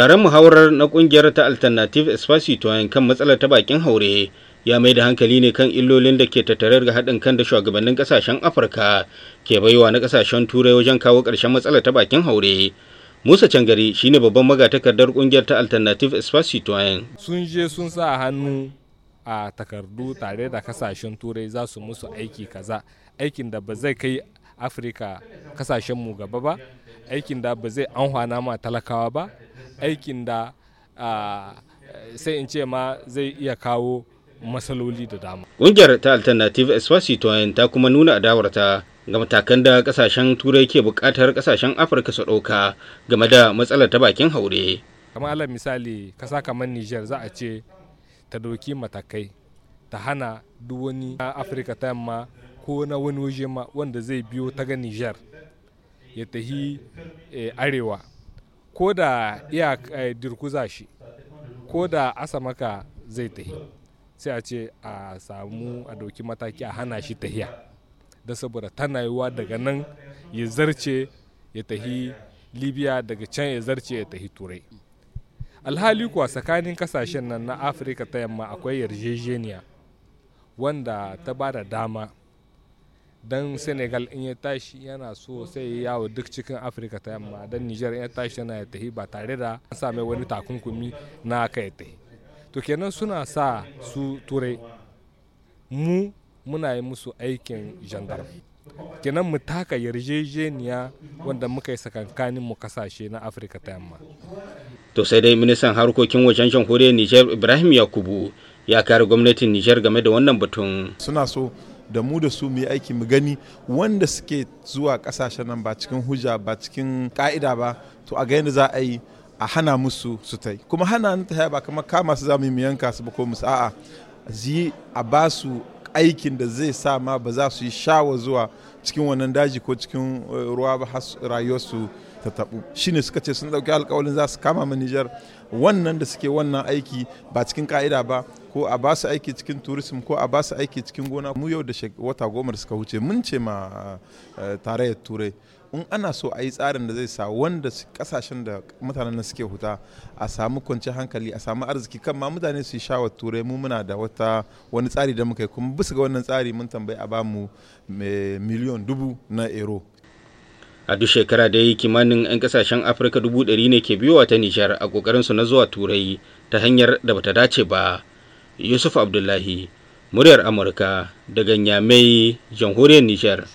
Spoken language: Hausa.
Taron muhawarar na kungiyar ta Alternative Espacito kan matsalar ta bakin haure ya mai da hankali ne kan illolin da ke tattare ga haɗin kan da shugabannin ƙasashen Afirka ke baiwa na kasashen Turai wajen kawo ƙarshen matsalar ta bakin haure. Musa Cangari shine babban magatakardar kungiyar ta Alternative Espacito. Sun je sun sa hannu a takardu tare da kasashen Turai za su musu aiki kaza, aikin da ba zai kai Afirka kasashenmu gaba ba. aikin da ba zai anhwana ma talakawa ba aikin da sai in ce ma zai iya kawo matsaloli da dama. Ƙungiyar ta Alternative Espacitoin ta kuma nuna adawarta ga matakan da kasashen turai ke buƙatar kasashen Afirka su ɗauka game da matsalar ta bakin haure. Kamar alal misali kasa kamar nijar za a ce ta doki matakai ta hana duk wani Afirka ta yamma ko na wani waje ma wanda zai biyo ta ga nijar. ya tahi eh, arewa ko da iya eh, dirkuza shi ko da asamaka zai tahi sai a ce a samu a dauki mataki a hana shi tahiya da saboda tana yiwuwa daga nan ya zarce ya tahi libya daga can ya zarce ya tahi turai alhali kuwa tsakanin kasashen nan na afirka ta yamma akwai yarjejeniya wanda ta ba da dama dan senegal in ya tashi yana so sai ya yawo duk cikin afirka ta yamma dan niger in ya tashi yana ya tafi ba tare da an same wani takunkumi na aka ya tafi to kenan suna sa su turai mu muna yi musu aikin jandarm kenan mu taka yarjejeniya wanda muka yi sakankanin mu kasashe na afirka ta yamma to sai dai ministan harkokin wajen jamhuriyar niger ibrahim yakubu ya kare gwamnatin nijar game da wannan batun suna so da mu da su mu yi aiki mu gani wanda suke zuwa kasashen nan ba cikin hujja ba cikin ka'ida ba to a ga yadda za a yi a hana musu su tai kuma hana ta ba kamar kama su za mu yi mu yanka su ba ko musu a'a zi a ba su aikin da zai sa ma ba za su yi shawa zuwa cikin wannan daji ko cikin eh, ruwa ba har rayuwarsu ta taɓu ne suka ce sun ɗauki alkawalin za su kama ma Nijar wannan da suke wannan aiki ba cikin ka'ida ba ko a ba su aiki cikin tourism ko a ba su aiki cikin gona mu yau da wata goma da suka wuce mun ce ma eh, tarayyar turai in ana so a yi tsarin da zai sa wanda kasashen da mutanen suke huta a samu kwanci hankali a samu arziki kan ma mutane su shawar turai mu muna da wata wani tsari da muka yi kuma bisa ga wannan tsari mun tambayi a bamu miliyon dubu na ero a duk shekara yi kimanin 'yan kasashen afirka dubu ɗari ne ke biyowa ta nijar a kokarin su na zuwa turai ta hanyar da bata dace ba yusuf abdullahi muryar amurka daga nyamai jamhuriyar nijar